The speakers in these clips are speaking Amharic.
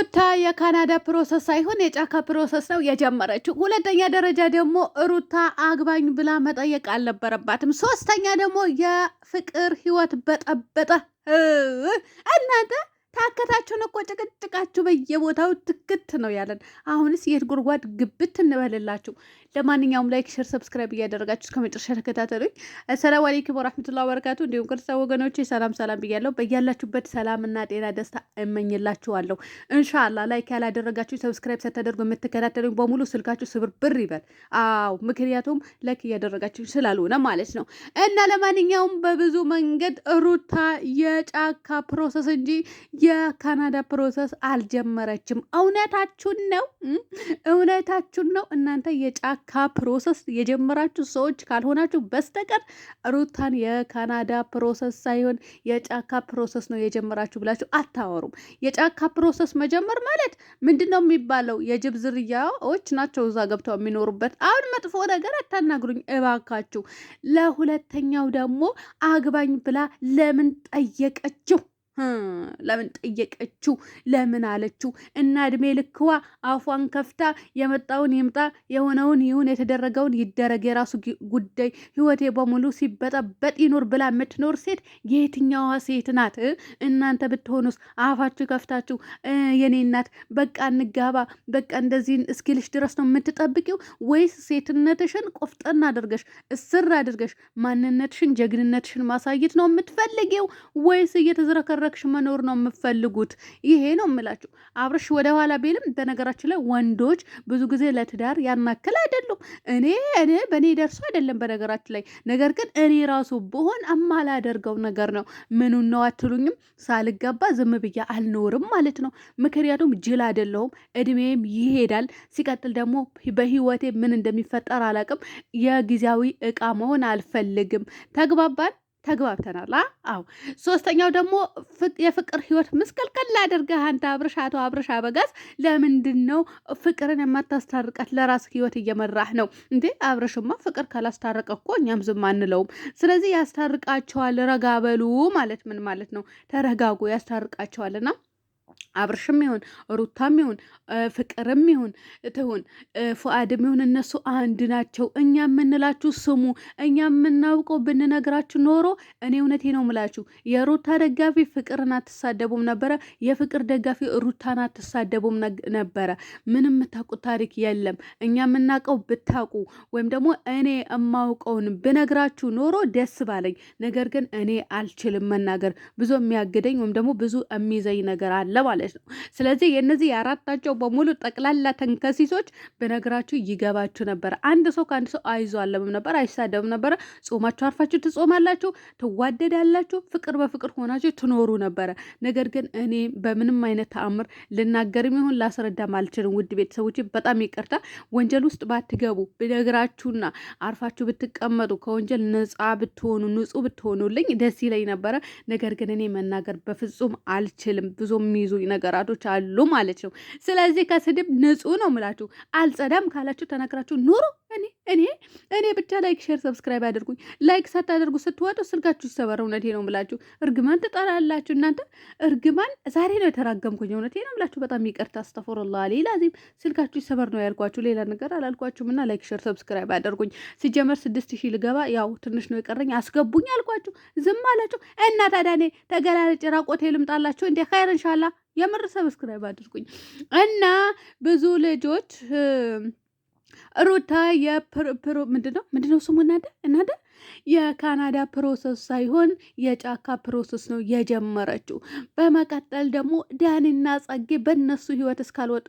ሩታ የካናዳ ፕሮሰስ ሳይሆን የጫካ ፕሮሰስ ነው የጀመረችው። ሁለተኛ ደረጃ ደግሞ ሩታ አግባኝ ብላ መጠየቅ አልነበረባትም። ሶስተኛ ደግሞ የፍቅር ህይወት በጠበጠ እናንተ ታከታችሁን እኮ ጭቅጭቃችሁ በየቦታው ትክት ነው ያለን። አሁንስ የት ጉድጓድ ግብት እንበልላችሁ። ለማንኛውም ላይክ፣ ሸር፣ ሰብስክራይብ እያደረጋችሁ እስከ መጨረሻ ተከታተሉኝ። ሰላም አለይኩም ወራህመቱላሂ ወበረካቱ። እንዲሁም ክርስቲያን ወገኖቼ ሰላም ሰላም ብያለሁ። በያላችሁበት ሰላምና ጤና ደስታ እመኝላችኋለሁ። እንሻላ ላይክ ያላደረጋችሁ ሰብስክራይብ ሳታደርጉ የምትከታተሉኝ በሙሉ ስልካችሁ ስብርብር ይበል። አዎ ምክንያቱም ላይክ እያደረጋችሁ ስላልሆነ ማለት ነው። እና ለማንኛውም በብዙ መንገድ ሩታ የጫካ ፕሮሰስ እንጂ የካናዳ ፕሮሰስ አልጀመረችም። እውነታችሁን ነው፣ እውነታችሁን ነው። እናንተ የጫካ ፕሮሰስ የጀመራችሁ ሰዎች ካልሆናችሁ በስተቀር ሩታን የካናዳ ፕሮሰስ ሳይሆን የጫካ ፕሮሰስ ነው የጀመራችሁ ብላችሁ አታወሩም። የጫካ ፕሮሰስ መጀመር ማለት ምንድን ነው የሚባለው? የጅብ ዝርያዎች ናቸው እዛ ገብተው የሚኖሩበት። አሁን መጥፎ ነገር አታናግሩኝ እባካችሁ። ለሁለተኛው ደግሞ አግባኝ ብላ ለምን ጠየቀችው? ለምን ጠየቀችው? ለምን አለችው? እና እድሜ ልክዋ አፏን ከፍታ የመጣውን ይምጣ፣ የሆነውን ይሁን፣ የተደረገውን ይደረግ፣ የራሱ ጉዳይ፣ ህይወቴ በሙሉ ሲበጠበጥ ይኖር ብላ የምትኖር ሴት የትኛዋ ሴት ናት? እናንተ ብትሆኑስ አፋችሁ ከፍታችሁ የኔ እናት በቃ እንጋባ፣ በቃ እንደዚህ እስኪልሽ ድረስ ነው የምትጠብቂው ወይስ ሴትነትሽን ቆፍጠና አድርገሽ እስር አድርገሽ ማንነትሽን ጀግንነትሽን ማሳየት ነው የምትፈልጊው ወይስ እየተዝረከረ አብረክሽ መኖር ነው የምፈልጉት። ይሄ ነው የምላችሁ። አብረሽ ወደኋላ ቤልም። በነገራችን ላይ ወንዶች ብዙ ጊዜ ለትዳር ያናክል አይደሉም። እኔ እኔ በእኔ ደርሶ አይደለም በነገራችን ላይ ነገር ግን እኔ ራሱ ብሆን አማላደርገው ነገር ነው። ምኑ ነው አትሉኝም? ሳልጋባ ዝም ብዬ አልኖርም ማለት ነው። ምክንያቱም ጅል አይደለሁም። እድሜም ይሄዳል። ሲቀጥል ደግሞ በህይወቴ ምን እንደሚፈጠር አላውቅም። የጊዜያዊ እቃ መሆን አልፈልግም። ተግባባን። ተግባብተናል። አዎ ሶስተኛው ደግሞ የፍቅር ህይወት ምስቅልቅል ላድርገህ አንተ አብርሽ፣ አቶ አብርሽ አበጋዝ ለምንድን ነው ፍቅርን የማታስታርቀት? ለራስ ህይወት እየመራህ ነው እንዴ? አብርሽማ ፍቅር ካላስታረቀ እኮ እኛም ዝም አንለውም። ስለዚህ ያስታርቃቸዋል። ረጋ በሉ ማለት ምን ማለት ነው? ተረጋጉ፣ ያስታርቃቸዋልና አብርሽም ይሁን ሩታም ይሁን ፍቅርም ይሁን ትሁን ፉአድም ይሁን እነሱ አንድ ናቸው። እኛ የምንላችሁ ስሙ። እኛ የምናውቀው ብንነግራችሁ ኖሮ እኔ እውነቴ ነው ምላችሁ የሩታ ደጋፊ ፍቅርን አትሳደቡም ነበረ። የፍቅር ደጋፊ ሩታን አትሳደቡም ነበረ። ምንም የምታውቁት ታሪክ የለም። እኛ የምናውቀው ብታውቁ ወይም ደግሞ እኔ የማውቀውን ብነግራችሁ ኖሮ ደስ ባለኝ። ነገር ግን እኔ አልችልም መናገር። ብዙ የሚያግደኝ ወይም ደግሞ ብዙ የሚይዘኝ ነገር አለ ማለት ማለት ነው። ስለዚህ የእነዚህ የአራታቸው በሙሉ ጠቅላላ ተንከሲሶች በነገራችሁ ይገባችሁ ነበር። አንድ ሰው ከአንድ ሰው አይዞ አለምም ነበር፣ አይሳደብም ነበረ። ጾማችሁ አርፋችሁ ትጾማላችሁ፣ ትዋደዳላችሁ፣ ፍቅር በፍቅር ሆናችሁ ትኖሩ ነበረ። ነገር ግን እኔ በምንም አይነት ተአምር ልናገርም ይሁን ላስረዳም አልችልም። ውድ ቤተሰቦች በጣም ይቅርታ። ወንጀል ውስጥ ባትገቡ ብነግራችሁና አርፋችሁ ብትቀመጡ ከወንጀል ነጻ ብትሆኑ ንጹህ ብትሆኑልኝ ደስ ይለኝ ነበረ። ነገር ግን እኔ መናገር በፍጹም አልችልም ብዙ የሚይዙ ነገራቶች አሉ ማለት ነው። ስለዚህ ከስድብ ንጹህ ነው ምላችሁ። አልጸዳም ካላችሁ ተናግራችሁ ኑሮ እኔ እኔ እኔ ብቻ ላይክ፣ ሼር፣ ሰብስክራይብ አድርጉኝ። ላይክ ሳታደርጉ ስትወጡ ስልካችሁ ይሰበር። እውነቴ ነው ምላችሁ። እርግማን ትጠላላችሁ እናንተ እርግማን። ዛሬ ነው የተራገምኩኝ። እውነቴ ነው ምላችሁ። በጣም ይቅርታ አስተፈሩላ ሌላ ዚም ስልካችሁ ይሰበር ነው ያልኳችሁ። ሌላ ነገር አላልኳችሁም። እና ላይክ፣ ሼር፣ ሰብስክራይብ አድርጉኝ። ሲጀመር ስድስት ሺህ ልገባ ያው ትንሽ ነው የቀረኝ። አስገቡኝ አልኳችሁ፣ ዝም አላችሁ እና ታዲያ እኔ ተገላለጭ ራቆቴ ልምጣላችሁ እንዴ? ኸይር እንሻላ የምር ሰብስክራይብ አድርጉኝ እና ብዙ ልጆች ሩታ የፕሮ ምንድነው ምንድነው ስሙ እናደ እናደ የካናዳ ፕሮሰስ ሳይሆን የጫካ ፕሮሰስ ነው የጀመረችው። በመቀጠል ደግሞ ዳኒና ጸጌ በእነሱ ህይወት እስካልወጡ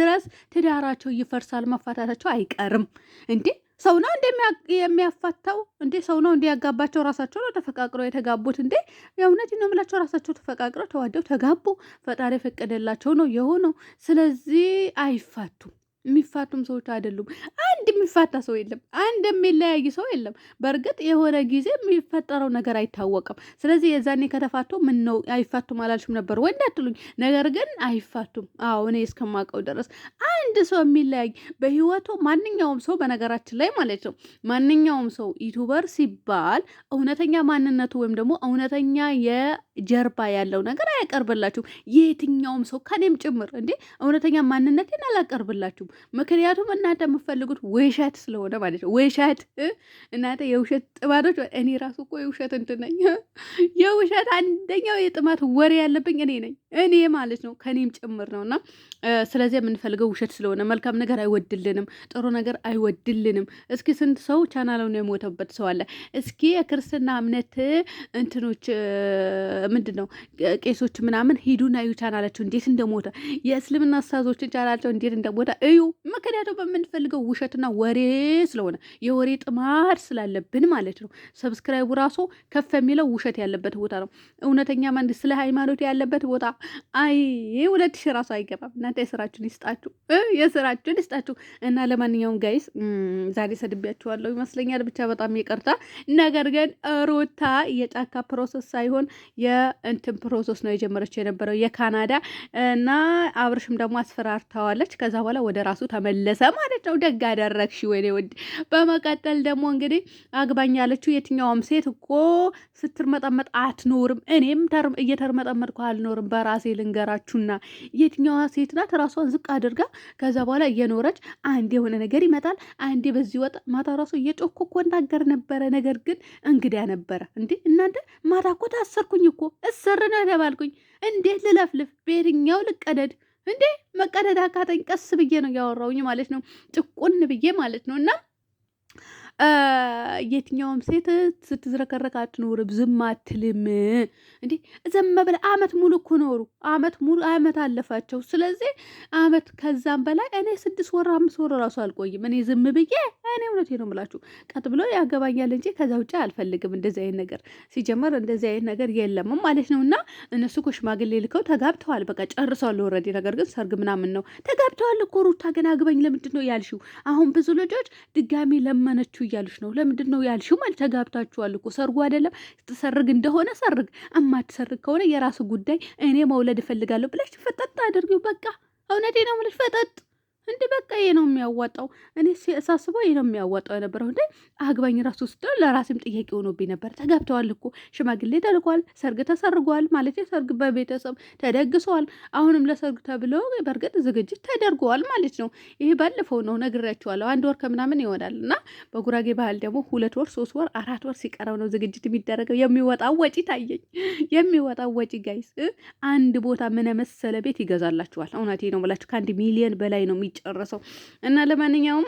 ድረስ ትዳራቸው ይፈርሳል፣ መፋታታቸው አይቀርም እንዴ ሰው ነው እንደሚያፋታው እንዴ? ሰው ነው እንዲያጋባቸው? ራሳቸው ነው ተፈቃቅረው የተጋቡት እንዴ? የእውነት ነው የምላቸው። ራሳቸው ተፈቃቅረው ተዋደው ተጋቡ። ፈጣሪ ፈቀደላቸው ነው የሆነው። ስለዚህ አይፋቱም። የሚፋቱም ሰዎች አይደሉም። አንድ የሚፋታ ሰው የለም። አንድ የሚለያይ ሰው የለም። በእርግጥ የሆነ ጊዜ የሚፈጠረው ነገር አይታወቅም። ስለዚህ የዛኔ ከተፋቶ ምን ነው አይፋቱም አላልሽም ነበር ወይ እንዳትሉኝ። ነገር ግን አይፋቱም። አዎ እኔ እስከማውቀው ድረስ አንድ ሰው የሚለያይ በህይወቱ ማንኛውም ሰው በነገራችን ላይ ማለት ነው ማንኛውም ሰው ዩቱበር ሲባል እውነተኛ ማንነቱ ወይም ደግሞ እውነተኛ የጀርባ ያለው ነገር አያቀርብላችሁም። የትኛውም ሰው ከኔም ጭምር እንዴ እውነተኛ ማንነቴን አላቀርብላችሁም። ምክንያቱም እናንተ የምፈልጉት ወይ ውሸት ስለሆነ ማለት ነው። ውሸት እናንተ የውሸት ጥማቶች። እኔ ራሱ እኮ የውሸት እንትን ነኝ። የውሸት አንደኛው የጥማት ወሬ ያለብኝ እኔ ነኝ፣ እኔ ማለት ነው፣ ከኔም ጭምር ነው። እና ስለዚህ የምንፈልገው ውሸት ስለሆነ መልካም ነገር አይወድልንም፣ ጥሩ ነገር አይወድልንም። እስኪ ስንት ሰው ቻናሉን የሞተበት ሰው አለ። እስኪ የክርስትና እምነት እንትኖች ምንድን ነው ቄሶች ምናምን ሂዱና እዩ ቻናላቸው እንዴት እንደሞተ፣ የእስልምና አሳዞችን ቻናላቸው እንዴት እንደሞተ እዩ። ምክንያቱም በምንፈልገው ውሸትና ወሬ ስለሆነ የወሬ ጥማድ ስላለብን ማለት ነው። ሰብስክራይቡ ራሱ ከፍ የሚለው ውሸት ያለበት ቦታ ነው። እውነተኛ መንግስት ስለ ሃይማኖት ያለበት ቦታ አይ ሁለት ሺ ራሱ አይገባም። እናንተ የስራችን ይስጣችሁ፣ የስራችሁን ይስጣችሁ። እና ለማንኛውም ጋይስ ዛሬ ሰድቢያችኋለሁ ይመስለኛል። ብቻ በጣም ይቅርታ። ነገር ግን ሩታ የጫካ ፕሮሰስ ሳይሆን የእንትን ፕሮሰስ ነው የጀመረችው የነበረው የካናዳ እና አብርሽም ደግሞ አስፈራርታዋለች። ከዛ በኋላ ወደ ራሱ ተመለሰ ማለት ነው። ደግ አደረገ። አደረግሽ ወይኔ ወድ በመቀጠል ደግሞ እንግዲህ አግባኝ ያለችው የትኛውም ሴት እኮ ስትርመጠመጥ አትኖርም። እኔም እየተርመጠመጥኩ አልኖርም። በራሴ ልንገራችሁና የትኛዋ ሴት ናት ራሷን ዝቅ አድርጋ ከዛ በኋላ እየኖረች አንዴ የሆነ ነገር ይመጣል፣ አንዴ በዚህ ወጣ። ማታ ራሱ እየጮኩ እኮ እናገር ነበረ፣ ነገር ግን እንግዳ ነበረ። እንዴ እናንተ ማታ እኮ ታሰርኩኝ እኮ እስር ነው የተባልኩኝ። እንዴት ልለፍልፍ? በየትኛው ልቀደድ? እንዴ መቀደድ አቃተኝ። ቀስ ብዬ ነው ያወራውኝ ማለት ነው፣ ጭቁን ብዬ ማለት ነው። እና የትኛውም ሴት ስትዝረከረክ አትኖርም፣ ዝም አትልም። እንዴ ዝም ብለህ አመት ሙሉ እኮ ኖሩ፣ አመት ሙሉ አመት አለፋቸው። ስለዚህ አመት ከዛም በላይ እኔ ስድስት ወር አምስት ወር እራሱ አልቆይም እኔ ዝም ብዬ እኔ እውነቴ ነው የምላችሁ ቀጥ ብሎ ያገባኛል እንጂ ከዛ ውጭ አልፈልግም። እንደዚህ አይነት ነገር ሲጀመር እንደዚህ አይነት ነገር የለምም ማለት ነው። እና እነሱ እኮ ሽማግሌ ልከው ተጋብተዋል፣ በቃ ጨርሰዋል ኦልሬዲ። ነገር ግን ሰርግ ምናምን ነው ተጋብተዋል እኮ ሩታ ገና አግባኝ ለምንድን ነው ያልሽው? አሁን ብዙ ልጆች ድጋሚ ለመነችው እያሉሽ ነው። ለምንድን ነው ያልሽው? ማለት ተጋብታችኋል እኮ ሰርጉ አይደለም ሰርግ እንደሆነ ሰርግ፣ እማትሰርግ ከሆነ የራሱ ጉዳይ። እኔ መውለድ እፈልጋለሁ ብለሽ ፈጠጥ አድርጊው በቃ። እውነቴ ነው የምልሽ ፈጠጥ እንዴ በቃ ይሄ ነው የሚያወጣው። እኔ ሳስበው ይሄ ነው የሚያወጣው የነበረው። እንዴ አግባኝ ራሱ ውስጥ ለራሴም ጥያቄ ሆኖብኝ ነበር። ተጋብተዋል እኮ ሽማግሌ ተልኳል፣ ሰርግ ተሰርጓል፣ ማለት ሰርግ በቤተሰብ ተደግሷል። አሁንም ለሰርግ ተብሎ በእርግጥ ዝግጅት ተደርገዋል ማለት ነው። ይሄ ባለፈው ነው ነግሬያቸዋለሁ። አንድ ወር ከምናምን ይሆናል እና በጉራጌ ባህል ደግሞ ሁለት ወር ሶስት ወር አራት ወር ሲቀረው ነው ዝግጅት የሚደረገው። የሚወጣው ወጪ ታየኝ፣ የሚወጣው ወጪ ጋይስ። አንድ ቦታ ምን መሰለ ቤት ይገዛላችኋል። እውነቴ ነው ብላችሁ ከአንድ ሚሊየን በላይ ነው የሚጨረሰው እና ለማንኛውም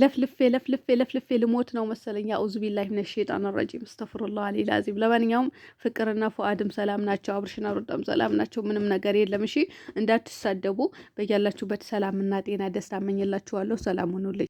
ለፍልፌ ለፍልፌ ለፍልፌ ልሞት ነው መሰለኝ። አዑዙ ቢላሂ ሚነ ሸይጣን ረጂም እስተፍሩላህ አሊል አዚም። ለማንኛውም ፍቅርና ፉአድም ሰላም ናቸው፣ አብርሽና ሩጣም ሰላም ናቸው። ምንም ነገር የለም። እሺ እንዳትሳደቡ። በያላችሁበት ሰላምና ጤና ደስታ እመኝላችኋለሁ። ሰላም ሁኑልኝ።